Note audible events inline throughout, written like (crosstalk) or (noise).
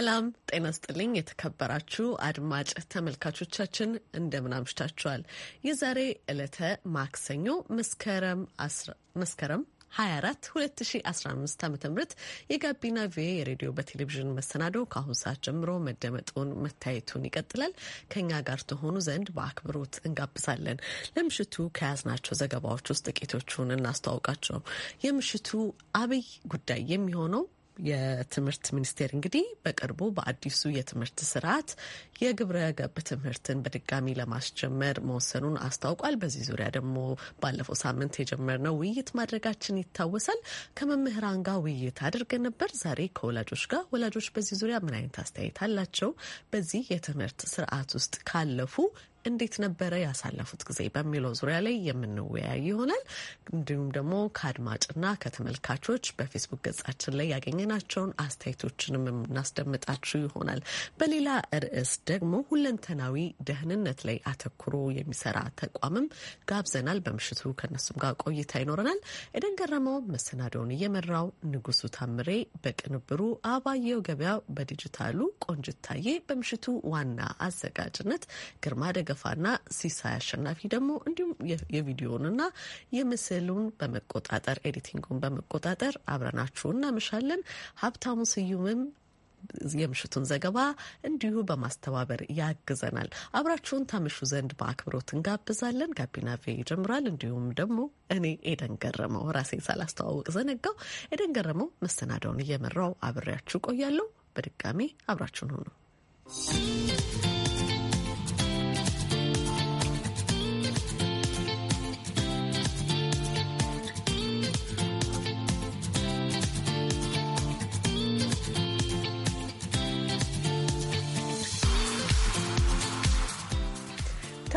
ሰላም ጤና ስጥልኝ። የተከበራችሁ አድማጭ ተመልካቾቻችን እንደምን አምሽታችኋል? የዛሬ ዕለተ ማክሰኞ መስከረም 24 2015 ዓ ም የጋቢና ቪኦኤ የሬዲዮ በቴሌቪዥን መሰናዶ ከአሁን ሰዓት ጀምሮ መደመጡን መታየቱን ይቀጥላል። ከኛ ጋር ተሆኑ ዘንድ በአክብሮት እንጋብዛለን። ለምሽቱ ከያዝናቸው ዘገባዎች ውስጥ ጥቂቶቹን እናስተዋውቃቸው። የምሽቱ አብይ ጉዳይ የሚሆነው የትምህርት ሚኒስቴር እንግዲህ በቅርቡ በአዲሱ የትምህርት ስርዓት የግብረ ገብ ትምህርትን በድጋሚ ለማስጀመር መወሰኑን አስታውቋል። በዚህ ዙሪያ ደግሞ ባለፈው ሳምንት የጀመርነው ውይይት ማድረጋችን ይታወሳል። ከመምህራን ጋር ውይይት አድርገን ነበር። ዛሬ ከወላጆች ጋር ወላጆች በዚህ ዙሪያ ምን አይነት አስተያየት አላቸው፣ በዚህ የትምህርት ስርዓት ውስጥ ካለፉ እንዴት ነበረ ያሳለፉት ጊዜ በሚለው ዙሪያ ላይ የምንወያይ ይሆናል። እንዲሁም ደግሞ ከአድማጭና ከተመልካቾች በፌስቡክ ገጻችን ላይ ያገኘናቸውን አስተያየቶችንም የምናስደምጣችሁ ይሆናል። በሌላ ርዕስ ደግሞ ሁለንተናዊ ደህንነት ላይ አተኩሮ የሚሰራ ተቋምም ጋብዘናል። በምሽቱ ከነሱም ጋር ቆይታ ይኖረናል። ኤደን ገረመው መሰናዶውን እየመራው፣ ንጉሱ ታምሬ በቅንብሩ፣ አባየው ገበያው በዲጂታሉ፣ ቆንጅታዬ በምሽቱ ዋና አዘጋጅነት ግርማ ደገፋና ሲሳይ አሸናፊ ደግሞ እንዲሁም የቪዲዮንና የምስሉን በመቆጣጠር ኤዲቲንጉን በመቆጣጠር አብረናችሁ እናመሻለን። ሀብታሙ ስዩምም የምሽቱን ዘገባ እንዲሁ በማስተባበር ያግዘናል። አብራችሁን ታምሹ ዘንድ በአክብሮት እንጋብዛለን። ጋቢና ቬ ይጀምራል። እንዲሁም ደግሞ እኔ ኤደን ገረመው ራሴን ሳላስተዋወቅ ዘነጋው። ኤደን ገረመው መሰናዳውን እየመራው አብሬያችሁ ቆያለሁ። በድጋሚ አብራችሁን ሆኑ።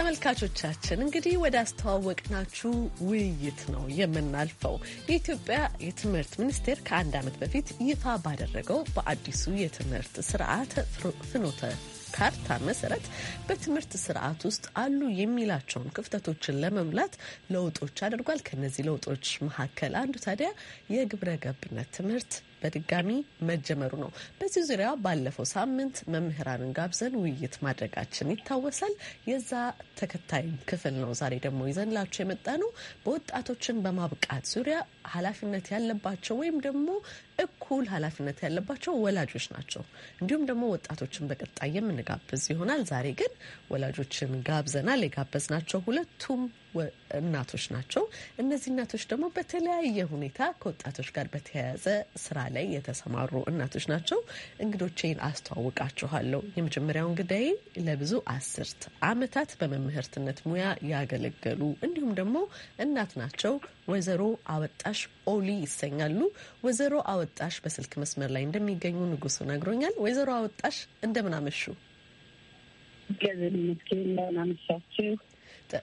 ተመልካቾቻችን እንግዲህ ወደ አስተዋወቅናችሁ ውይይት ነው የምናልፈው። የኢትዮጵያ የትምህርት ሚኒስቴር ከአንድ ዓመት በፊት ይፋ ባደረገው በአዲሱ የትምህርት ስርዓት ፍኖተ ካርታ መሰረት በትምህርት ስርዓት ውስጥ አሉ የሚላቸውን ክፍተቶችን ለመሙላት ለውጦች አድርጓል። ከነዚህ ለውጦች መካከል አንዱ ታዲያ የግብረ ገብነት ትምህርት በድጋሚ መጀመሩ ነው። በዚህ ዙሪያ ባለፈው ሳምንት መምህራንን ጋብዘን ውይይት ማድረጋችን ይታወሳል። የዛ ተከታይ ክፍል ነው ዛሬ ደግሞ ይዘንላቸው የመጣ ነው። በወጣቶችን በማብቃት ዙሪያ ኃላፊነት ያለባቸው ወይም ደግሞ እኩል ኃላፊነት ያለባቸው ወላጆች ናቸው። እንዲሁም ደግሞ ወጣቶችን በቀጣይ የምንጋብዝ ይሆናል። ዛሬ ግን ወላጆችን ጋብዘናል። የጋበዝናቸው ሁለቱም እናቶች ናቸው። እነዚህ እናቶች ደግሞ በተለያየ ሁኔታ ከወጣቶች ጋር በተያያዘ ስራ ላይ የተሰማሩ እናቶች ናቸው። እንግዶቼን አስተዋውቃችኋለሁ። የመጀመሪያው እንግዳዬ ለብዙ አስርት አመታት በመምህርትነት ሙያ ያገለገሉ እንዲሁም ደግሞ እናት ናቸው። ወይዘሮ አወጣሽ ኦሊ ይሰኛሉ። ወይዘሮ አወጣሽ በስልክ መስመር ላይ እንደሚገኙ ንጉሱ ነግሮኛል። ወይዘሮ አወጣሽ እንደምን አመሹ?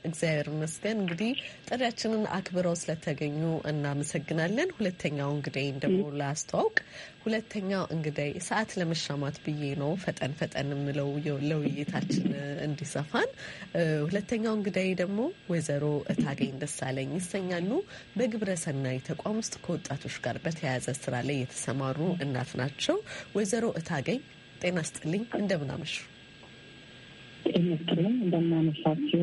እግዚአብሔር ይመስገን። እንግዲህ ጥሪያችንን አክብረው ስለተገኙ እናመሰግናለን። ሁለተኛው እንግዳይ ደግሞ ላስተዋውቅ። ሁለተኛው እንግዳይ ሰዓት ለመሻማት ብዬ ነው ፈጠን ፈጠን የምለው ለውይይታችን እንዲሰፋን። ሁለተኛው እንግዳይ ደግሞ ወይዘሮ እታገኝ ደሳለኝ ይሰኛሉ። በግብረ ሰናይ ተቋም ውስጥ ከወጣቶች ጋር በተያያዘ ስራ ላይ የተሰማሩ እናት ናቸው። ወይዘሮ እታገኝ ጤና ስጥልኝ፣ እንደምናመሹ ጤና ስጥልኝ፣ እንደምናመሻችሁ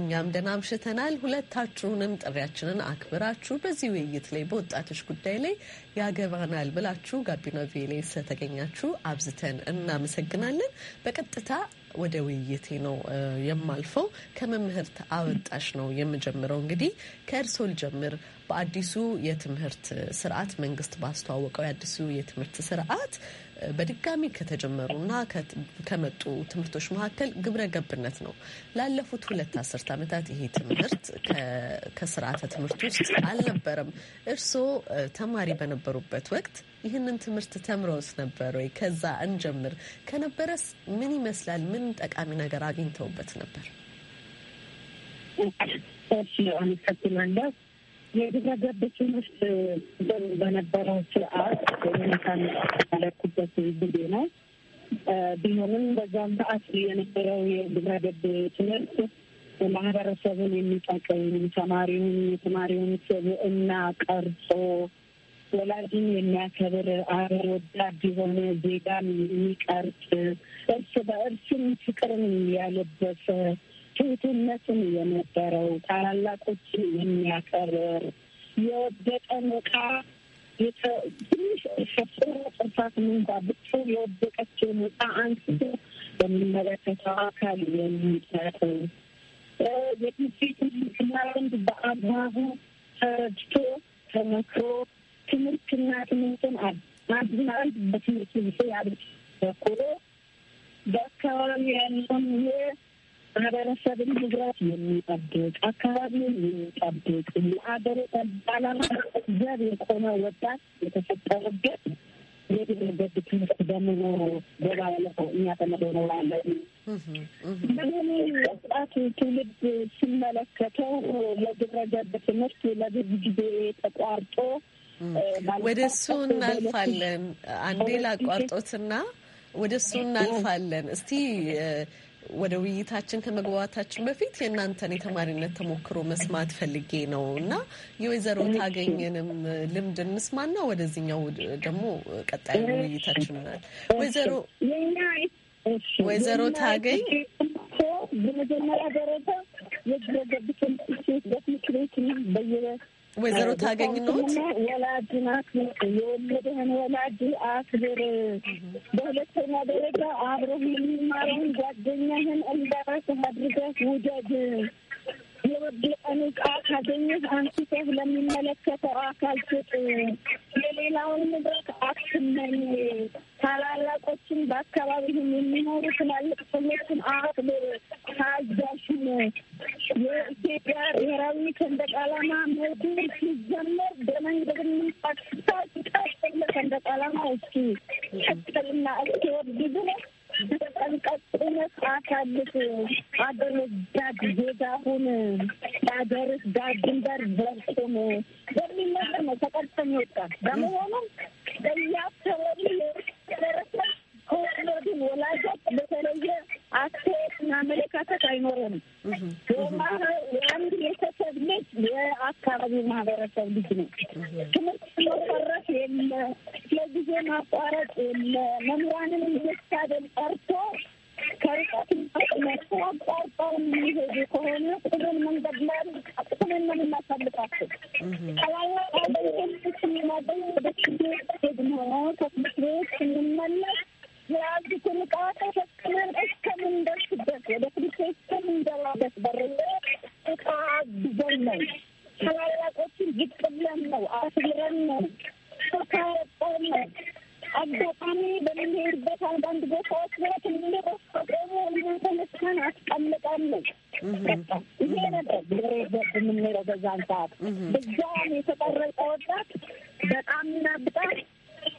እኛም ደህና አምሽተናል። ሁለታችሁንም ጥሪያችንን አክብራችሁ በዚህ ውይይት ላይ በወጣቶች ጉዳይ ላይ ያገባናል ብላችሁ ጋቢና ቪ ላይ ስለተገኛችሁ አብዝተን እናመሰግናለን። በቀጥታ ወደ ውይይቴ ነው የማልፈው። ከመምህርት አወጣሽ ነው የምጀምረው። እንግዲህ ከእርሶ ልጀምር። በአዲሱ የትምህርት ስርዓት መንግስት ባስተዋወቀው የአዲሱ የትምህርት ስርዓት በድጋሚ ከተጀመሩና ከመጡ ትምህርቶች መካከል ግብረ ገብነት ነው። ላለፉት ሁለት አስርት ዓመታት ይሄ ትምህርት ከስርዓተ ትምህርት ውስጥ አልነበረም። እርስዎ ተማሪ በነበሩበት ወቅት ይህንን ትምህርት ተምረውስ ነበር ወይ? ከዛ እንጀምር። ከነበረስ ምን ይመስላል? ምን ጠቃሚ ነገር አግኝተውበት ነበር? የግብረገብ ትምህርት በነበረው ስርዓት ሁኔታን ያለኩበት ጊዜ ነው። ቢሆንም በዛም ሰዓት የነበረው የግብረገብ ትምህርት ማህበረሰቡን የሚጠቅም ተማሪውን የተማሪውን ስብዕና ቀርጾ ወላጅን የሚያከብር አገር ወዳድ የሆነ ዜጋን የሚቀርጽ እርስ በእርስም ፍቅርን ያለበሰ ትህትነትን የነበረው ታላላቆች የሚያከብር የወደቀን እቃ ትንሽ ሸፍሮ ጥርሳት ምንኳ ብቶ የወደቀችውን ዕቃ አንስቶ በሚመለከተው አካል የሚጠር የትንሴት ምክንያት በአግባቡ ተረድቶ ተመክሮ ትምህርትና ትምህርትን አድናል በትምህርት ጊዜ ያል በኩሎ በአካባቢ ያለውን ማህበረሰብን ንብረት የሚጠብቅ አካባቢን የሚጠብቅ ለሀገር ጠባላ ዘብ የቆመ ወጣት የተፈጠረበት የድርበት ትምህርት በምኖሩ በባለፈው እኛ ተመደኖራለን። በሆኑ ወጣት ትውልድ ስመለከተው የድረገብ ትምህርት ለብዙ ጊዜ ተቋርጦ ወደ እሱ እናልፋለን። አንዴ ላቋርጦትና ወደ እሱ እናልፋለን። እስቲ ወደ ውይይታችን ከመግባባታችን በፊት የእናንተን የተማሪነት ተሞክሮ መስማት ፈልጌ ነው እና የወይዘሮ ታገኘንም ልምድ እንስማና ወደዚህኛው ደግሞ ቀጣይ ውይይታችን ናል። ወይዘሮ ወይዘሮ ታገኝ በመጀመሪያ ደረጃ የድረገብትን ሴት በትምህርት ቤት በየ ወይዘሮ ታገኝ ነት ወላድ ናት የወለደ ወላድ አክብር። በሁለተኛ ደረጃ አብረህ የሚማረውን ጓደኛህን እንዳራስ አድርገህ ውደድ። የወደቀን ዕቃ ካገኘህ አንስተህ ለሚመለከተው አካል ስጥ። የሌላውን ንብረት አትመኝ። ታላላቆችን፣ በአካባቢህም የሚኖሩ ትላልቅ ሰዎችን አክብር። ታዛዥም የኢትዮጵያ ብሔራዊ ሰንደቅ ዓላማ መርዱ ሲዘመር በመንገድም ፓኪስታን ሲቃጠለ ሰንደቅ ዓላማ እሱ ቀጥልና እስኪወድ ድረስ በቀልቀጥነት ጣት ያሉት አገሮች ዜጋሁን ሀገርህ ዳር ድንበር ነው ይወጣል። በመሆኑም በየአካባቢ ከወለዱን ወላጆች በተለየ አስተያየትና አመለካከት አይኖረንም። የአንድ ቤተሰብ ልጅ የአካባቢው ማህበረሰብ ልጅ ነው። ትምህርት መሰረት የለ፣ ማቋረጥ የለ፣ Mm-hmm. አድርገን አስቀምጠን ይሄ ነበር ብሬዘብ የምንለው በዛን ሰዓት። በዛን የተጠረቀ ወጣት በጣም ይናብጣል።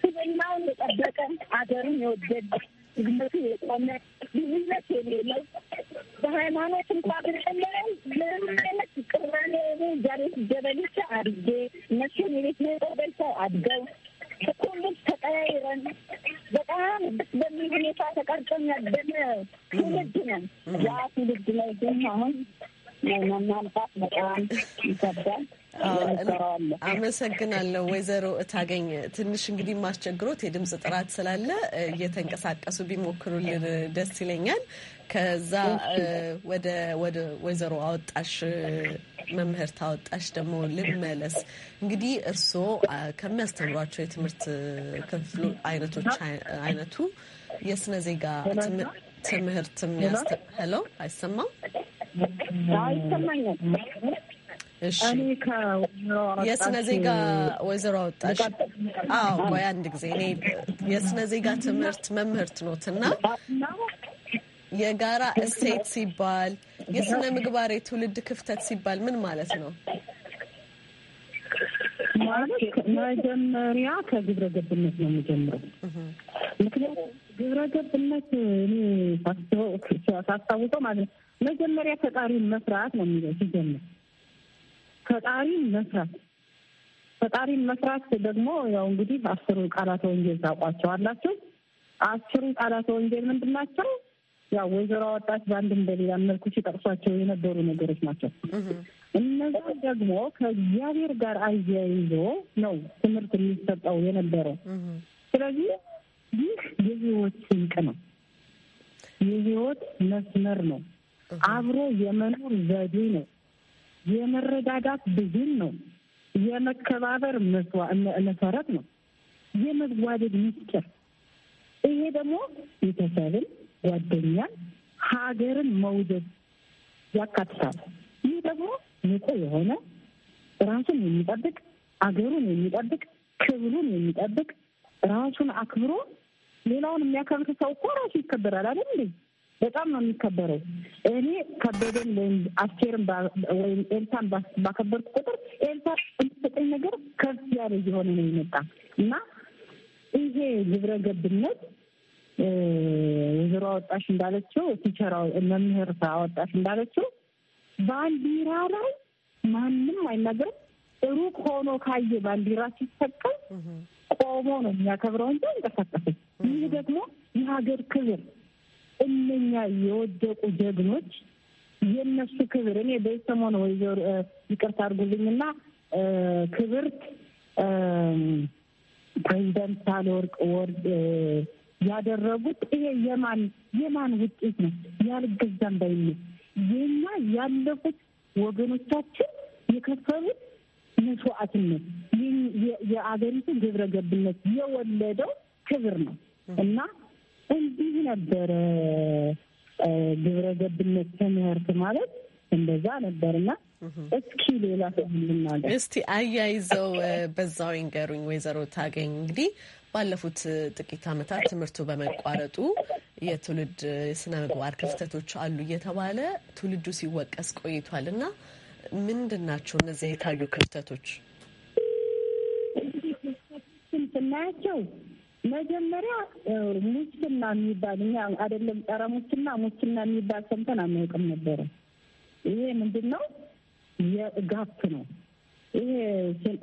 ስብናውን የጠበቀ አገርን የወደድ ግመቱ የቆመ ልዩነት የሌለው በሃይማኖት እንኳ ብንለያይ ምንም አይነት ቅራኔ ዛሬ ደበልቻ አድጌ እነሱን የቤት ቤተሰብ አድገው ሁሉም ተቀያይረን በጣም በምን ሁኔታ ተቀርጸን ያደነ ትውልድ ነን። ያ ትውልድ ላይ ግን አሁን መማልባት በጣም ይከብዳል። አመሰግናለሁ ወይዘሮ እታገኝ ትንሽ እንግዲህ ማስቸግሮት የድምፅ ጥራት ስላለ እየተንቀሳቀሱ ቢሞክሩልን ደስ ይለኛል። ከዛ ወደ ወደ ወይዘሮ አወጣሽ መምህር ታወጣሽ ደግሞ ልመለስ። እንግዲህ እርስዎ ከሚያስተምሯቸው የትምህርት ክፍሉ አይነቶች አይነቱ የስነ ዜጋ ትምህርት ለው አይሰማም የስነ ዜጋ ወይዘሮ አወጣሽ፣ አዎ ቆይ አንድ ጊዜ እኔ የስነ ዜጋ ትምህርት መምህርት ኖት እና (laughs) የጋራ እሴት ሲባል የስነ ምግባር የትውልድ ክፍተት ሲባል ምን ማለት ነው? ማለት መጀመሪያ ከግብረ ገብነት ነው የሚጀምረው። ምክንያቱም ግብረ ገብነት ሳስታውሰው ማለት ነው መጀመሪያ ፈጣሪን መስራት ነው የሚለው ሲጀምር፣ ፈጣሪን መስራት ፈጣሪን መስራት ደግሞ ያው እንግዲህ አስሩ ቃላተ ወንጌል አላቸው። አስሩ ቃላተ ወንጌል ምንድን ናቸው? ያው ወይዘሮ አወጣች በአንድም በሌላ መልኩ ሲጠቅሷቸው የነበሩ ነገሮች ናቸው። እነዛ ደግሞ ከእግዚአብሔር ጋር አያይዞ ነው ትምህርት የሚሰጠው የነበረው። ስለዚህ ይህ የህይወት ስንቅ ነው፣ የህይወት መስመር ነው፣ አብሮ የመኖር ዘዴ ነው፣ የመረዳዳት ብዝን ነው፣ የመከባበር መሰረት ነው፣ የመዋደድ ምስጢር። ይሄ ደግሞ ቤተሰብን ጓደኛን፣ ሀገርን መውደድ ያካትታል። ይህ ደግሞ ንቁ የሆነ ራሱን የሚጠብቅ አገሩን የሚጠብቅ ክብሉን የሚጠብቅ ራሱን አክብሮ ሌላውን የሚያከብር ሰው እኮ ራሱ ይከበራል አይደል እንዴ? በጣም ነው የሚከበረው። እኔ ከበደን ወይም አስቴርን ወይም ኤልሳን ባከበርኩ ቁጥር ኤልሳ የምትሰጠኝ ነገር ከፍ ያለ እየሆነ ነው የመጣ እና ይሄ ግብረ ገብነት ወይዘሮ አወጣሽ እንዳለችው ቲቸር መምህር አወጣሽ እንዳለችው ባንዲራ ላይ ማንም አይናገርም። ሩቅ ሆኖ ካየ ባንዲራ ሲሰቀል ቆሞ ነው የሚያከብረው እንጂ አይንቀሳቀስም። ይህ ደግሞ የሀገር ክብር እነኛ የወደቁ ጀግኖች የእነሱ ክብር እኔ በሰሞኑ ወይዘሮ ይቅርታ አድርጉልኝና ክብርት ፕሬዚደንት ሳህለወርቅ ወርድ ያደረጉት ይሄ የማን የማን ውጤት ነው? ያልገዛም ባይነት የኛ ያለፉት ወገኖቻችን የከፈሉት መስዋዕትነት የአገሪቱ ግብረ ገብነት የወለደው ክብር ነው እና እንዲህ ነበረ ግብረ ገብነት ትምህርት ማለት እንደዛ ነበርና እስኪ ሌላ ሰው ልናገር እስቲ አያይዘው በዛው ይንገሩኝ። ወይዘሮ ታገኝ እንግዲህ ባለፉት ጥቂት ዓመታት ትምህርቱ በመቋረጡ የትውልድ ስነ ምግባር ክፍተቶች አሉ እየተባለ ትውልዱ ሲወቀስ ቆይቷል እና ምንድን ናቸው እነዚያ የታዩ ክፍተቶች? ስናያቸው መጀመሪያ ሙስና የሚባል እኛ አይደለም ጸረ ሙስና ሙስና የሚባል ሰምተን አናውቅም ነበረ። ይሄ ምንድን ነው? የጋፕ ነው ይሄ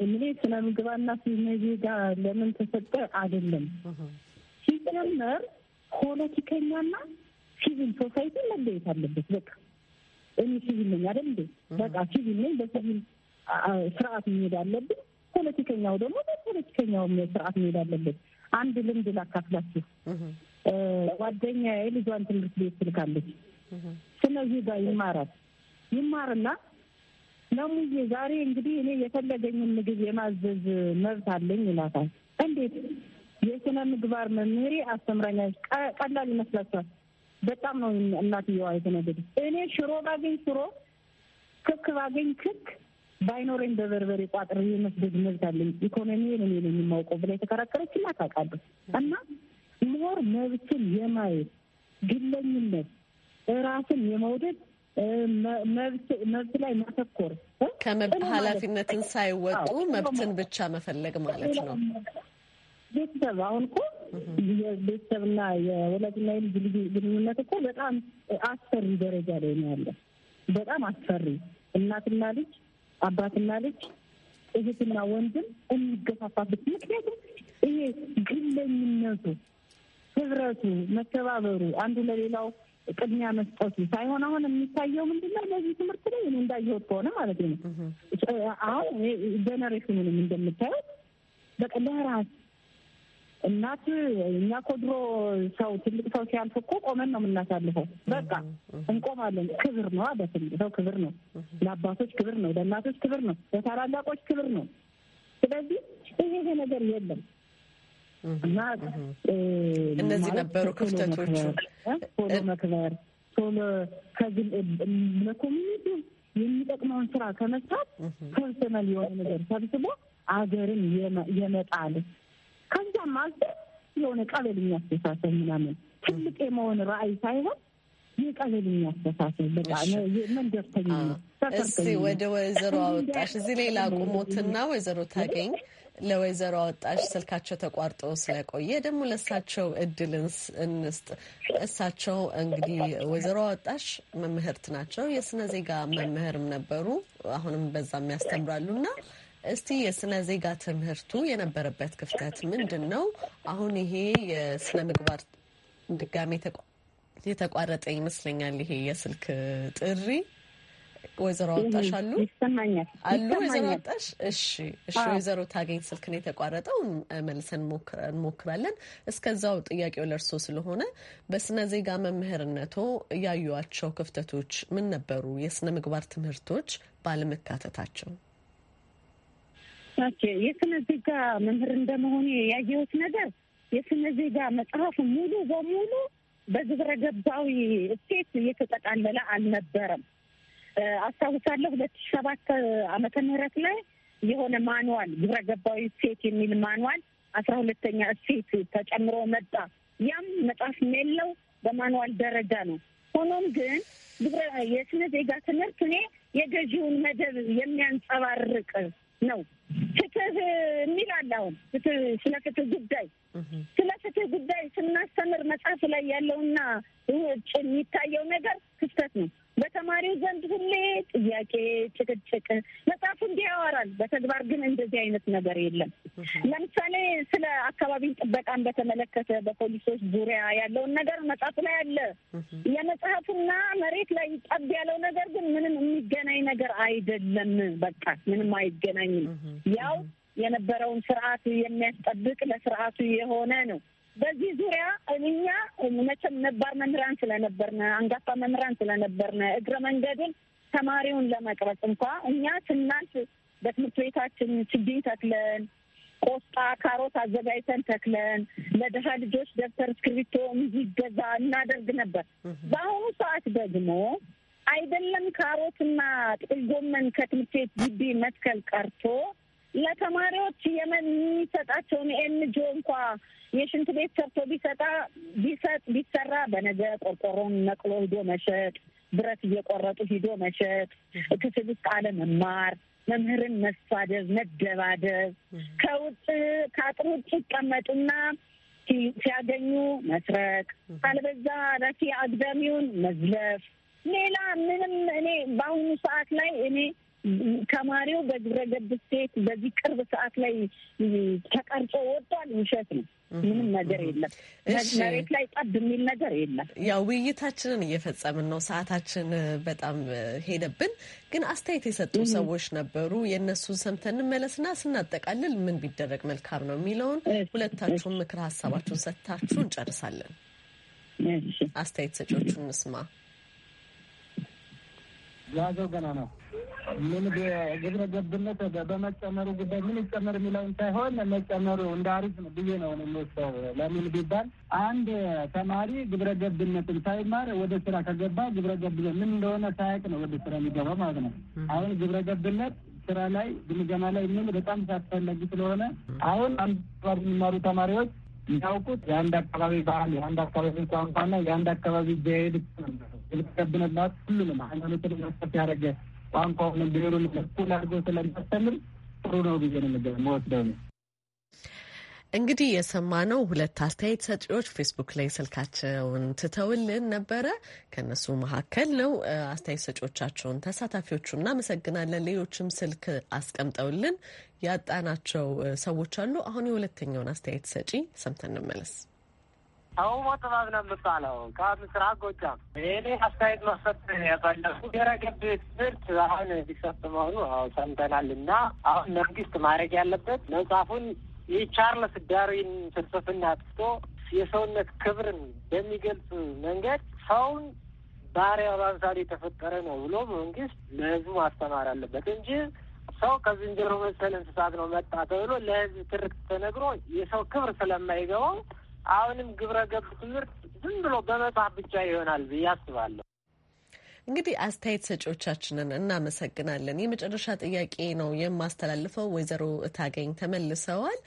እኔ ስነ ምግባና ስነዜ ጋር ለምን ተሰጠ አይደለም። ሲጀመር ፖለቲከኛና ሲቪል ሶሳይቲ መለየት አለበት። በቃ እኔ ሲቪል ነኝ አይደል እንዴ? በቃ ሲቪል ነኝ፣ በሲቪል ስርዓት መሄድ አለብን። ፖለቲከኛው ደግሞ በፖለቲከኛው ስርዓት መሄድ አለበት። አንድ ልምድ ላካፍላችሁ። ጓደኛዬ ልጇን ትምህርት ቤት ትልካለች። ስነዚህ ጋር ይማራል ይማርና ለሙዬ ዛሬ እንግዲህ እኔ የፈለገኝን ምግብ የማዘዝ መብት አለኝ ይላታል። እንዴት የስነ ምግባር መምህሬ አስተምራኛለች። ቀላል ይመስላችኋል? በጣም ነው እናትየዋ የተነገደች። እኔ ሽሮ ባገኝ ሽሮ፣ ክክ ባገኝ ክክ፣ ባይኖረኝ በበርበሬ ቋጥር የመስደድ መብት አለኝ። ኢኮኖሚ እኔ ነው የማውቀው ብላ የተከራከረች እና ታውቃለች። እና ምሁር መብትን የማየት ግለኝነት፣ ራስን የመውደድ መብት ላይ ማተኮር ከመብት ኃላፊነትን ሳይወጡ መብትን ብቻ መፈለግ ማለት ነው። ቤተሰብ አሁን እኮ የቤተሰብና የወላጅና የልጅ ግንኙነት እኮ በጣም አስፈሪ ደረጃ ላይ ነው ያለ። በጣም አስፈሪ እናትና ልጅ፣ አባትና ልጅ፣ እህትና ወንድም የሚገፋፋበት ምክንያቱም ይሄ ግለኝነቱ፣ ህብረቱ፣ መተባበሩ አንዱ ለሌላው ቅድሚያ መስጠቱ ሳይሆን አሁን የሚታየው ምንድነው በዚህ ትምህርት ላይ እኔ እንዳየሁት ከሆነ ማለት ነው። አሁን ጀነሬሽኑንም እንደምታየው በቃ ለራስ እናት እኛ ኮድሮ ሰው ትልቅ ሰው ሲያልፍ እኮ ቆመን ነው የምናሳልፈው። በቃ እንቆማለን። ክብር ነው በትልቅ ሰው ክብር ነው፣ ለአባቶች ክብር ነው፣ ለእናቶች ክብር ነው፣ ለታላላቆች ክብር ነው። ስለዚህ ይሄ ነገር የለም። እና እነዚህ ነበሩ ክፍተቶቹ። ቶሎ መክበር፣ ቶሎ ለኮሚኒቲ የሚጠቅመውን ስራ ከመስራት ፐርሰናል የሆነ ነገር ሰብስቦ አገርን የመጣል ከዚያም አልፎ የሆነ ቀለልኛ አስተሳሰብ ምናምን ትልቅ የመሆን ራዕይ ሳይሆን የቀለልኛ አስተሳሰብ በቃ መንደርተኛ ነው። እስቲ ወደ ወይዘሮ አወጣሽ እዚህ ሌላ ቁሞትና ወይዘሮ ታገኝ ለወይዘሮ አወጣሽ ስልካቸው ተቋርጦ ስለቆየ ደግሞ ለእሳቸው እድል እንስጥ። እሳቸው እንግዲህ ወይዘሮ አወጣሽ መምህርት ናቸው። የስነ ዜጋ መምህርም ነበሩ። አሁንም በዛም ያስተምራሉ እና እስቲ የስነ ዜጋ ትምህርቱ የነበረበት ክፍተት ምንድን ነው? አሁን ይሄ የስነ ምግባር ድጋሜ የተቋረጠ ይመስለኛል ይሄ የስልክ ጥሪ ወይዘሮ አወጣሽ አሉ አሉ ወይዘሮ አወጣሽ። እሺ፣ እሺ ወይዘሮ ታገኝ ስልክ ነው የተቋረጠው። መልሰን እንሞክራለን። እስከዛው ጥያቄው ለእርሶ ስለሆነ በስነ ዜጋ መምህርነቶ ያዩዋቸው ክፍተቶች ምን ነበሩ? የስነ ምግባር ትምህርቶች ባለመካተታቸው የስነ ዜጋ መምህር እንደመሆኔ ያየሁት ነገር የስነ ዜጋ መጽሐፍ ሙሉ በሙሉ በግብረ ገባዊ እሴት እየተጠቃለለ አልነበረም። አስታውሳለሁ ሁለት ሺ ሰባት አመተ ምህረት ላይ የሆነ ማንዋል ገባዊ ሴት የሚል ማንዋል አስራ ሁለተኛ እሴት ተጨምሮ መጣ። ያም መጽሐፍ የለው በማንዋል ደረጃ ነው። ሆኖም ግን የስነ ዜጋ ትምህርት እኔ የገዢውን መደብ የሚያንጸባርቅ ነው። ፍትህ የሚል አለ። አሁን ፍትህ ስለ ፍትህ ጉዳይ ስለ ፍትህ ጉዳይ ስናስተምር መጽሐፍ ላይ ያለውና ውጭ የሚታየው ነገር ክፍተት ነው። በተማሪው ዘንድ ሁሌ ጥያቄ፣ ጭቅጭቅ መጽሐፉ እንዲህ ያወራል። በተግባር ግን እንደዚህ አይነት ነገር የለም። ለምሳሌ ስለ አካባቢ ጥበቃን በተመለከተ በፖሊሶች ዙሪያ ያለውን ነገር መጽሐፉ ላይ አለ። የመጽሐፉና መሬት ላይ ጠብ ያለው ነገር ግን ምንም የሚገናኝ ነገር አይደለም። በቃ ምንም አይገናኝም። ያው የነበረውን ስርዓት የሚያስጠብቅ ለስርዓቱ የሆነ ነው። በዚህ ዙሪያ እኛ መቼም ነባር መምህራን ስለነበርን አንጋፋ መምህራን ስለነበርን እግረ መንገድን ተማሪውን ለመቅረጽ እንኳ እኛ ትናንት በትምህርት ቤታችን ችግኝ ተክለን ቆስጣ፣ ካሮት አዘጋጅተን ተክለን ለድሀ ልጆች ደብተር እስክሪብቶ እንዲገዛ እናደርግ ነበር። በአሁኑ ሰዓት ደግሞ አይደለም ካሮትና ጥቅል ጎመን ከትምህርት ቤት ግቢ መትከል ቀርቶ ለተማሪዎች የሚሰጣቸውን ኤንጆ እንኳ የሽንት ቤት ሰርቶ ቢሰጣ ቢሰጥ ቢሰራ በነገ ቆርቆሮን ነቅሎ ሂዶ መሸጥ፣ ብረት እየቆረጡ ሂዶ መሸጥ፣ ክፍል ውስጥ አለመማር፣ መምህርን መሳደብ፣ መደባደብ፣ ከውጭ ከአጥር ውጭ ይቀመጡና ሲያገኙ መስረቅ፣ አለበዛ ረፊ አግዳሚውን መዝለፍ፣ ሌላ ምንም እኔ በአሁኑ ሰዓት ላይ እኔ ተማሪው በግብረ ገብ ስቴት በዚህ ቅርብ ሰዓት ላይ ተቀርጾ ወጥቷል። ውሸት ነው። ምንም ነገር የለም። መሬት ላይ ጠብ የሚል ነገር የለም። ያው ውይይታችንን እየፈጸምን ነው። ሰዓታችን በጣም ሄደብን፣ ግን አስተያየት የሰጡ ሰዎች ነበሩ። የእነሱን ሰምተን እንመለስና ስናጠቃልል ምን ቢደረግ መልካም ነው የሚለውን ሁለታችሁን ምክር ሀሳባችሁን ሰጥታችሁ እንጨርሳለን። አስተያየት ሰጪዎቹን እንስማ። ያዘው ገና ነው ምን ግብረ ገብነት በመጨመሩ ጉዳይ ምን ይጨመር የሚለውን ሳይሆን መጨመሩ እንደ አሪፍ ነው ብዬ ነው የምወስደው። ለምን ቢባል አንድ ተማሪ ግብረ ገብነትን ሳይማር ወደ ስራ ከገባ ግብረ ገብነት ምን እንደሆነ ሳያውቅ ነው ወደ ስራ የሚገባው ማለት ነው። አሁን ግብረ ገብነት ስራ ላይ ግምገማ ላይ ምን በጣም ሳስፈለጊ ስለሆነ አሁን አንድ የሚማሩ ተማሪዎች የሚያውቁት የአንድ አካባቢ ባህል፣ የአንድ አካባቢ ቋንቋና የአንድ አካባቢ ዘሄድ ግብረ ገብነት ማለት ሁሉንም ሃይማኖትን መሰረት ያደረገ ቋንቋውንም ብሔሩን እኩል አድርጎ ስለሚያስተምር ጥሩ ነው ብዬ ነው የምወስደው ነው። እንግዲህ የሰማነው ሁለት አስተያየት ሰጪዎች ፌስቡክ ላይ ስልካቸውን ትተውልን ነበረ። ከነሱ መካከል ነው አስተያየት ሰጪዎቻቸውን ተሳታፊዎቹ እናመሰግናለን። ሌሎችም ስልክ አስቀምጠውልን ያጣናቸው ሰዎች አሉ። አሁን የሁለተኛውን አስተያየት ሰጪ ሰምተን እንመለስ። ሰው ጥበብ ነው የምባለው ከምስራቅ ጎጃም። እኔ አስተያየት መስጠት የፈለጉ የረገብ ትምህርት አሁን ሊሰጥ መሆኑ ሰምተናል እና አሁን መንግስት ማድረግ ያለበት መጽሐፉን የቻርለስ ዳርዊን ፍልስፍና አጥፍቶ የሰውነት ክብርን በሚገልጽ መንገድ ሰውን ባሪያ በአምሳሉ የተፈጠረ ነው ብሎ መንግስት ለህዝቡ ማስተማር አለበት እንጂ ሰው ከዝንጀሮ መሰል እንስሳት ነው መጣ ተብሎ ለህዝብ ትርክ ተነግሮ የሰው ክብር ስለማይገባው አሁንም ግብረ ገብ ትምህርት ዝም ብሎ በመጽሐፍ ብቻ ይሆናል ብዬ አስባለሁ። እንግዲህ አስተያየት ሰጪዎቻችንን እናመሰግናለን። የመጨረሻ ጥያቄ ነው የማስተላልፈው። ወይዘሮ እታገኝ ተመልሰዋል።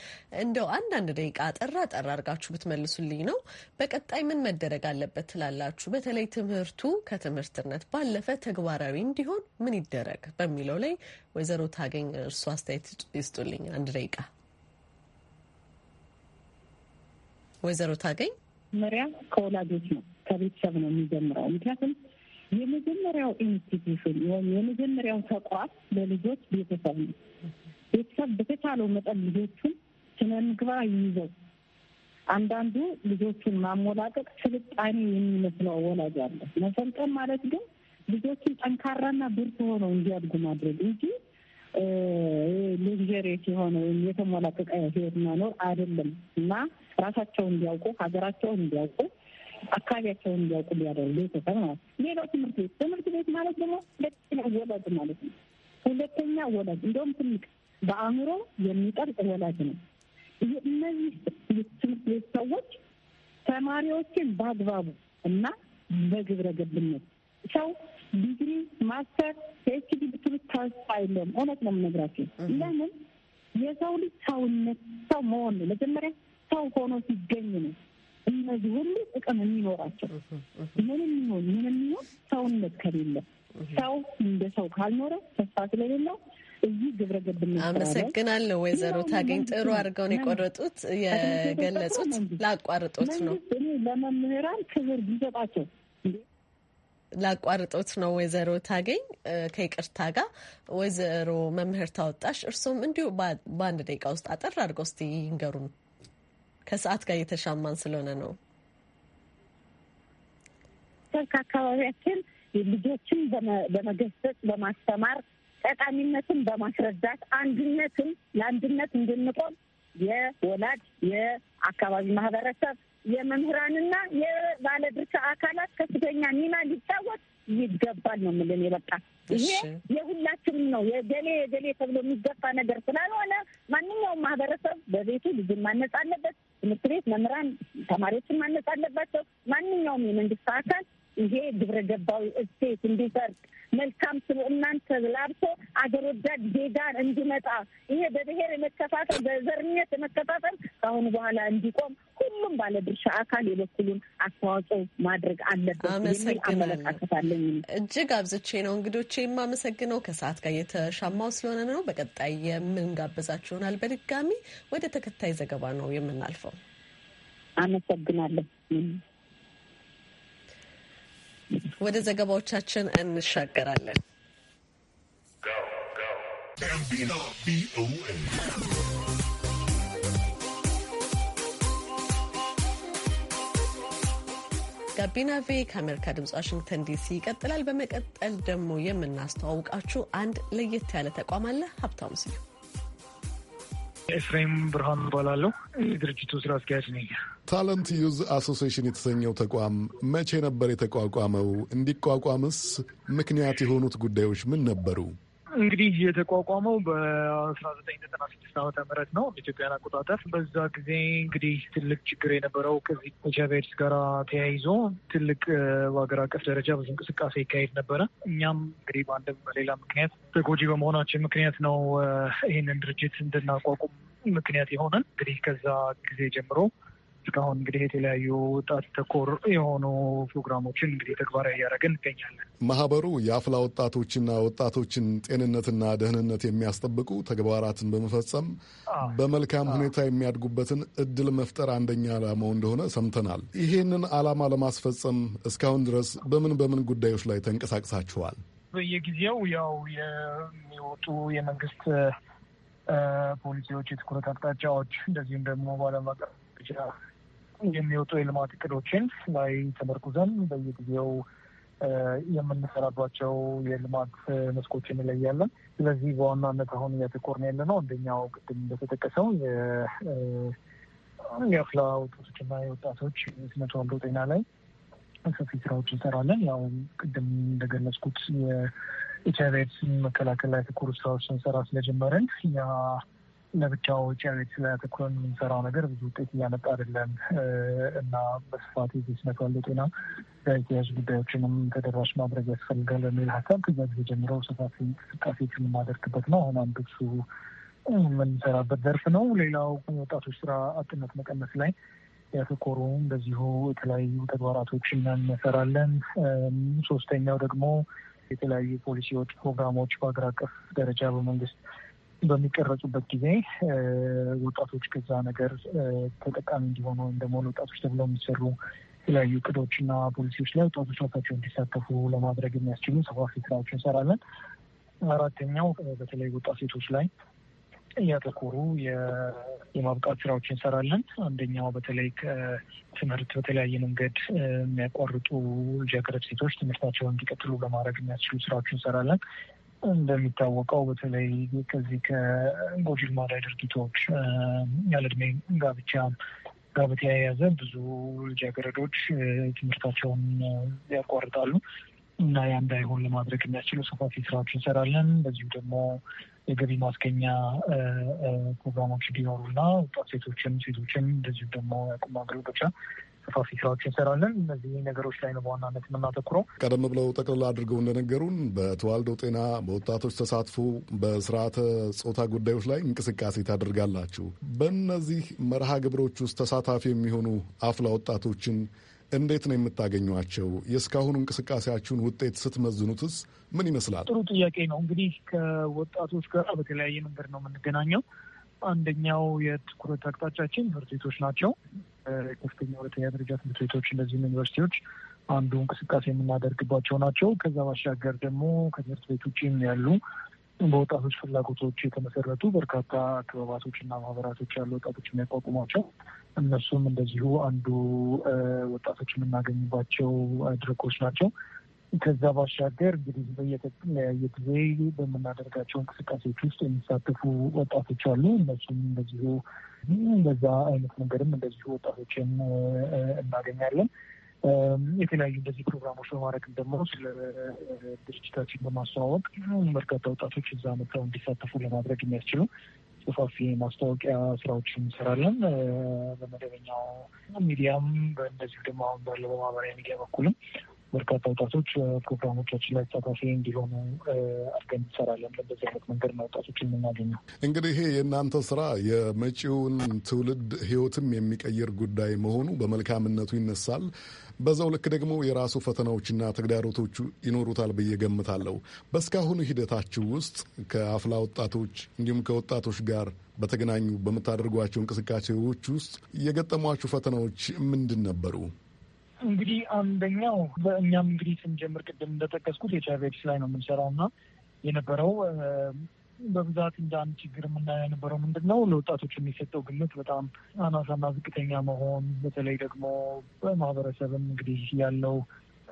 እንደው አንዳንድ ደቂቃ ጠራ ጠራ አድርጋችሁ ብትመልሱልኝ ነው። በቀጣይ ምን መደረግ አለበት ትላላችሁ? በተለይ ትምህርቱ ከትምህርትነት ባለፈ ተግባራዊ እንዲሆን ምን ይደረግ በሚለው ላይ ወይዘሮ እታገኝ እርሱ አስተያየት ይስጡልኝ። አንድ ደቂቃ ወይዘሮ ታገኝ መሪያ ከወላጆች ነው ከቤተሰብ ነው የሚጀምረው። ምክንያቱም የመጀመሪያው ኢንስቲትዩሽን ወይም የመጀመሪያው ተቋም ለልጆች ቤተሰብ ነው። ቤተሰብ በተቻለው መጠን ልጆቹን ስነ ምግባ ይይዘው። አንዳንዱ ልጆቹን ማሞላቀቅ ስልጣኔ የሚመስለው ወላጅ አለ። መሰልጠን ማለት ግን ልጆችን ጠንካራና ብርቱ ሆነው እንዲያድጉ ማድረግ እንጂ ሉግዠሪየስ የሆነ ወይም የተሞላቀቀ ህይወት መኖር አይደለም እና ራሳቸውን እንዲያውቁ፣ ሀገራቸውን እንዲያውቁ፣ አካባቢያቸውን እንዲያውቁ ሊያደርጉ ቤተሰብ ማለት ነው። ሌላው ትምህርት ቤት ትምህርት ቤት ማለት ደግሞ ሁለተኛ ወላጅ ማለት ነው። ሁለተኛ ወላጅ እንደውም ትልቅ በአእምሮ የሚጠርቅ ወላጅ ነው። እነዚህ ትምህርት ቤት ሰዎች ተማሪዎችን በአግባቡ እና በግብረ ገብነት ሰው ዲግሪ ማስተር ፒኤችዲ ብትሉት ተስፋ የለውም። እውነት ነው የምነግራቸው። ለምን የሰው ልጅ ሰውነት ሰው መሆን ነው መጀመሪያ ሰው ሆኖ ሲገኝ ነው እነዚህ ሁሉ ጥቅም የሚኖራቸው። ምንም ይሁን ምንም ይሁን ሰውነት ከሌለ ሰው እንደ ሰው ካልኖረ ተስፋ ስለሌለው እዚህ ግብረ ገብነት አመሰግናለሁ። ወይዘሮ ታገኝ ጥሩ አድርገውን የቆረጡት የገለጹት ላቋርጦት ነው እኔ ለመምህራን ክብር ቢሰጣቸው ላቋርጦት ነው። ወይዘሮ ታገኝ ከይቅርታ ጋር ወይዘሮ መምህር ታወጣሽ፣ እርሱም እንዲሁ በአንድ ደቂቃ ውስጥ አጠር አድርገው እስቲ ይንገሩን። ከሰዓት ጋር እየተሻማን ስለሆነ ነው። ከአካባቢያችን ልጆችን በመገሰጽ በማስተማር ጠቃሚነትን በማስረዳት አንድነትን ለአንድነት እንድንቆም የወላጅ የአካባቢ ማህበረሰብ የመምህራንና የባለድርሻ አካላት ከፍተኛ ሚና ሊጫወት ይገባል ነው የምልን። የበቃ ይሄ የሁላችንም ነው። የገሌ የገሌ ተብሎ የሚገባ ነገር ስላልሆነ ማንኛውም ማህበረሰብ በቤቱ ልጅን ማነጽ አለበት። ትምህርት ቤት መምህራን ተማሪዎችን ማነጽ አለባቸው። ማንኛውም የመንግስት አካል ይሄ ግብረ ገባዊ እሴት እንዲሰርቅ መልካም ስብዕናን ተላብሶ አገር ወዳድ ዜጋን እንዲመጣ ይሄ በብሔር የመከፋፈል በዘርኘት የመከፋፈል ከአሁኑ በኋላ እንዲቆም ሁሉም ባለድርሻ አካል የበኩሉን አስተዋጽኦ ማድረግ አለበት የሚል አመለካከት አለኝ። እጅግ አብዝቼ ነው እንግዶቼ የማመሰግነው። ከሰዓት ጋር የተሻማው ስለሆነ ነው። በቀጣይ የምንጋብዛችሁ ይሆናል። በድጋሚ ወደ ተከታይ ዘገባ ነው የምናልፈው። አመሰግናለሁ። ወደ ዘገባዎቻችን እንሻገራለን። ጋቢና ቬ ከአሜሪካ ድምጽ ዋሽንግተን ዲሲ ይቀጥላል። በመቀጠል ደግሞ የምናስተዋውቃችሁ አንድ ለየት ያለ ተቋም አለ። ሀብታሙ ስዩ። ኤፍሬም ብርሃኑ እባላለሁ። የድርጅቱ ስራ አስኪያጅ ነኝ። ታለንት ዩዝ አሶሲሽን የተሰኘው ተቋም መቼ ነበር የተቋቋመው? እንዲቋቋምስ ምክንያት የሆኑት ጉዳዮች ምን ነበሩ? እንግዲህ የተቋቋመው በአስራ ዘጠኝ ዘጠና ስድስት ዓመተ ምህረት ነው ኢትዮጵያን አቆጣጠር። በዛ ጊዜ እንግዲህ ትልቅ ችግር የነበረው ከዚህ ኤች ኤድስ ጋር ተያይዞ ትልቅ በሀገር አቀፍ ደረጃ ብዙ እንቅስቃሴ ይካሄድ ነበረ። እኛም እንግዲህ በአንድም በሌላ ምክንያት ተጎጂ በመሆናችን ምክንያት ነው ይህንን ድርጅት እንድናቋቁም ምክንያት የሆነን። እንግዲህ ከዛ ጊዜ ጀምሮ እስካሁን እንግዲህ የተለያዩ ወጣት ተኮር የሆኑ ፕሮግራሞችን እንግዲህ ተግባራዊ እያደረግን እንገኛለን። ማህበሩ የአፍላ ወጣቶችና ወጣቶችን ጤንነትና ደህንነት የሚያስጠብቁ ተግባራትን በመፈጸም በመልካም ሁኔታ የሚያድጉበትን እድል መፍጠር አንደኛ ዓላማው እንደሆነ ሰምተናል። ይህንን ዓላማ ለማስፈጸም እስካሁን ድረስ በምን በምን ጉዳዮች ላይ ተንቀሳቅሳችኋል? በየጊዜው ያው የሚወጡ የመንግስት ፖሊሲዎች፣ የትኩረት አቅጣጫዎች እንደዚሁም ደግሞ ባለም አቀፍ የሚወጡ የልማት እቅዶችን ላይ ተመርኩዘን በየጊዜው የምንሰራባቸው የልማት መስኮች እንለያለን። ስለዚህ በዋናነት አሁን እያተኮርን ያለ ነው። አንደኛው ቅድም እንደተጠቀሰው የአፍላ ወጣቶች እና የወጣቶች ስነ ተዋልዶ ጤና ላይ ሰፊ ስራዎች እንሰራለን። ያው ቅድም እንደገለጽኩት የኤች አይ ቪ መከላከል ላይ ያተኮሩ ስራዎች ስንሰራ ስለጀመረን ያ ለብቻ ውጭ ቤት ተኩረን የምንሰራው ነገር ብዙ ውጤት እያመጣ አይደለም እና በስፋት የዜስነት ያለ ጤና የተያዙ ጉዳዮችንም ተደራሽ ማድረግ ያስፈልጋል በሚል ሀሳብ ከዛ ጊዜ ጀምሮ ሰፋፊ እንቅስቃሴዎች የምናደርግበት ነው። አሁን አንዱ እሱ የምንሰራበት ዘርፍ ነው። ሌላው ወጣቶች ስራ አጥነት መቀነስ ላይ ያተኮሩ እንደዚሁ የተለያዩ ተግባራቶችን እንሰራለን። ሶስተኛው ደግሞ የተለያዩ ፖሊሲዎች፣ ፕሮግራሞች በሀገር አቀፍ ደረጃ በመንግስት በሚቀረጹበት ጊዜ ወጣቶች ከዛ ነገር ተጠቃሚ እንዲሆኑ ወይም ደግሞ ለወጣቶች ተብለው የሚሰሩ የተለያዩ እቅዶች እና ፖሊሲዎች ላይ ወጣቶች ራሳቸው እንዲሳተፉ ለማድረግ የሚያስችሉ ሰፋፊ ስራዎች እንሰራለን። አራተኛው በተለይ ወጣት ሴቶች ላይ እያተኮሩ የማብቃት ስራዎች እንሰራለን። አንደኛው በተለይ ከትምህርት በተለያየ መንገድ የሚያቋርጡ ልጃገረድ ሴቶች ትምህርታቸውን እንዲቀጥሉ ለማድረግ የሚያስችሉ ስራዎች እንሰራለን። እንደሚታወቀው በተለይ ከዚህ ከጎጂ ልማዳዊ ድርጊቶች ያለ እድሜ ጋብቻ ጋር በተያያዘ ብዙ ልጃገረዶች ትምህርታቸውን ያቋርጣሉ እና ያ እንዳይሆን ለማድረግ የሚያስችሉ ሰፋፊ ስራዎች እንሰራለን። በዚሁ ደግሞ የገቢ ማስገኛ ፕሮግራሞች እንዲኖሩ እና ወጣት ሴቶችም ሴቶችም እንደዚሁ ደግሞ ያቁም አገልግሎቻ ሰፋፊ ስራዎች እንሰራለን። እነዚህ ነገሮች ላይ ነው በዋናነት የምናተኩረው። ቀደም ብለው ጠቅልላ አድርገው እንደነገሩን በተዋልዶ ጤና፣ በወጣቶች ተሳትፎ፣ በስርዓተ ጾታ ጉዳዮች ላይ እንቅስቃሴ ታደርጋላችሁ። በእነዚህ መርሃ ግብሮች ውስጥ ተሳታፊ የሚሆኑ አፍላ ወጣቶችን እንዴት ነው የምታገኟቸው? የእስካሁኑ እንቅስቃሴያችሁን ውጤት ስትመዝኑትስ ምን ይመስላል? ጥሩ ጥያቄ ነው። እንግዲህ ከወጣቶች ጋር በተለያየ መንገድ ነው የምንገናኘው። አንደኛው የትኩረት አቅጣጫችን ትምህርት ቤቶች ናቸው። ከፍተኛ ሁለተኛ ደረጃ ትምህርት ቤቶች እንደዚሁም ዩኒቨርሲቲዎች አንዱ እንቅስቃሴ የምናደርግባቸው ናቸው። ከዛ ባሻገር ደግሞ ከትምህርት ቤት ውጭም ያሉ በወጣቶች ፍላጎቶች የተመሰረቱ በርካታ ክበባቶች እና ማህበራቶች ያሉ ወጣቶች የሚያቋቁሟቸው እነሱም እንደዚሁ አንዱ ወጣቶች የምናገኝባቸው ድርጎች ናቸው። ከዛ ባሻገር እንግዲህ በየተለያየ ጊዜ በምናደርጋቸው እንቅስቃሴዎች ውስጥ የሚሳተፉ ወጣቶች አሉ። እነሱም እንደዚሁ በዛ አይነት መንገድም እንደዚሁ ወጣቶችን እናገኛለን። የተለያዩ እንደዚህ ፕሮግራሞች በማድረግም ደግሞ ስለ ድርጅታችን በማስተዋወቅ በርካታ ወጣቶች እዛ መጥተው እንዲሳተፉ ለማድረግ የሚያስችሉ ሰፋፊ ማስታወቂያ ስራዎችን እንሰራለን። በመደበኛው ሚዲያም እንደዚሁ ደግሞ አሁን ባለው በማህበራዊ ሚዲያ በኩልም በርካታ ወጣቶች ፕሮግራሞቻችን ላይ ተሳታፊ እንዲሆኑ አድርገን እንሰራለን። በዚህ አይነት መንገድ ነው ወጣቶች የምናገኘው። እንግዲህ ይሄ የእናንተ ስራ የመጪውን ትውልድ ህይወትም የሚቀይር ጉዳይ መሆኑ በመልካምነቱ ይነሳል። በዛው ልክ ደግሞ የራሱ ፈተናዎችና ተግዳሮቶቹ ይኖሩታል ብዬ ገምታለሁ። በእስካሁኑ ሂደታችሁ ውስጥ ከአፍላ ወጣቶች እንዲሁም ከወጣቶች ጋር በተገናኙ በምታደርጓቸው እንቅስቃሴዎች ውስጥ የገጠሟችሁ ፈተናዎች ምንድን ነበሩ? እንግዲህ አንደኛው በእኛም እንግዲህ ስንጀምር ቅድም እንደጠቀስኩት ኤች አይቪ ኤድስ ላይ ነው የምንሰራው እና የነበረው በብዛት እንደ አንድ ችግር የምናየው የነበረው ምንድን ነው ለወጣቶች የሚሰጠው ግምት በጣም አናሳና ዝቅተኛ መሆን፣ በተለይ ደግሞ በማህበረሰብም እንግዲህ ያለው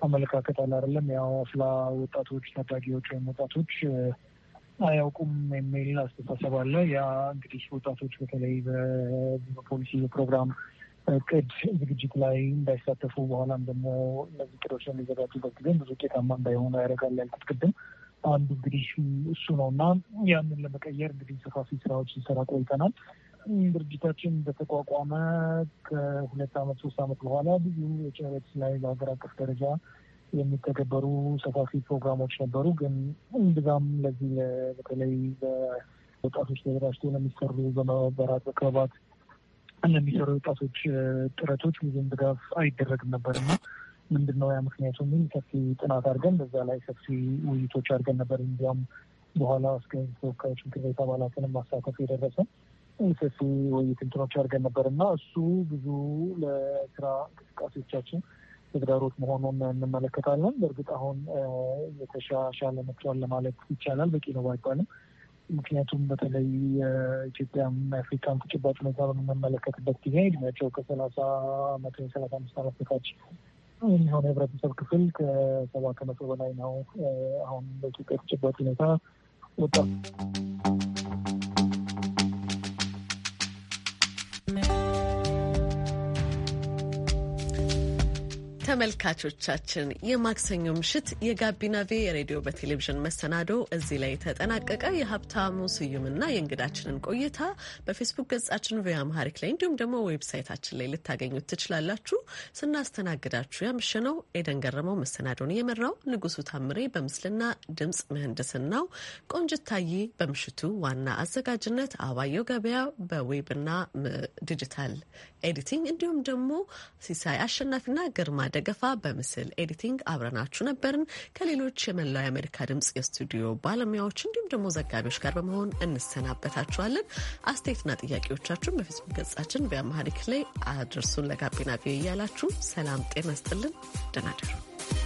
አመለካከት አለ አይደለም ያው አፍላ ወጣቶች ታዳጊዎች ወይም ወጣቶች አያውቁም የሚል አስተሳሰብ አለ። ያ እንግዲህ ወጣቶች በተለይ በፖሊሲ ፕሮግራም እቅድ ዝግጅት ላይ እንዳይሳተፉ በኋላም ደግሞ እነዚህ እቅዶች የሚዘጋጁበት ጊዜ ብዙ ውጤታማ እንዳይሆኑ ያደርጋል ያልኩት ቅድም አንዱ እንግዲህ እሱ ነው እና ያንን ለመቀየር እንግዲህ ሰፋፊ ስራዎች ሲሰራ ቆይተናል። ድርጅታችን በተቋቋመ ከሁለት አመት ሶስት አመት በኋላ ብዙ የጨረት ላይ በሀገር አቀፍ ደረጃ የሚተገበሩ ሰፋፊ ፕሮግራሞች ነበሩ። ግን እንብዛም ለዚህ በተለይ በወጣቶች ተደራጅቶ ለሚሰሩ በመበራት በክበባት የሚሰሩ ወጣቶች ጥረቶች ብዙም ድጋፍ አይደረግም ነበር እና ምንድን ነው ያ ምክንያቱ የሚል ሰፊ ጥናት አድርገን በዛ ላይ ሰፊ ውይይቶች አድርገን ነበር። እንዲያውም በኋላ እስከ ተወካዮች ምክር ቤት አባላትን ማሳተፍ የደረሰ ሰፊ ውይይት እንትኖች አድርገን ነበር እና እሱ ብዙ ለስራ እንቅስቃሴዎቻችን ተግዳሮት መሆኑን እንመለከታለን። በእርግጥ አሁን የተሻሻለ መጥቷል ለማለት ይቻላል፣ በቂ ነው ባይባልም ምክንያቱም በተለይ የኢትዮጵያም አፍሪካን ተጨባጭ ሁኔታ በምንመለከትበት ጊዜ እድሜያቸው ከሰላሳ አመት ሰላሳ አምስት አመት በታች የሚሆነ የህብረተሰብ ክፍል ከሰባ ከመቶ በላይ ነው። አሁን በኢትዮጵያ ተጨባጭ ሁኔታ ወጣ ተመልካቾቻችን የማክሰኞ ምሽት የጋቢና ቬ የሬዲዮ በቴሌቪዥን መሰናዶ እዚህ ላይ የተጠናቀቀ። የሀብታሙ ስዩምና የእንግዳችንን ቆይታ በፌስቡክ ገጻችን ቪ አምሃሪክ ላይ እንዲሁም ደግሞ ዌብሳይታችን ላይ ልታገኙት ትችላላችሁ። ስናስተናግዳችሁ ያምሽነው ኤደን ገረመው፣ መሰናዶን የመራው ንጉሱ ታምሬ በምስልና ድምፅ ምህንድስናው፣ ቆንጅታይ በምሽቱ ዋና አዘጋጅነት፣ አባየው ገበያ በዌብና ዲጂታል ኤዲቲንግ እንዲሁም ደግሞ ሲሳይ አሸናፊና ግርማ ደግ ደገፋ በምስል ኤዲቲንግ አብረናችሁ ነበርን። ከሌሎች የመላው የአሜሪካ ድምጽ የስቱዲዮ ባለሙያዎች እንዲሁም ደግሞ ዘጋቢዎች ጋር በመሆን እንሰናበታችኋለን። አስተያየትና ጥያቄዎቻችሁን በፌስቡክ ገጻችን በአማሪክ ላይ አድርሱን። ለጋቢና ቪ እያላችሁ ሰላም ጤና ስጥልን። ደናደሩ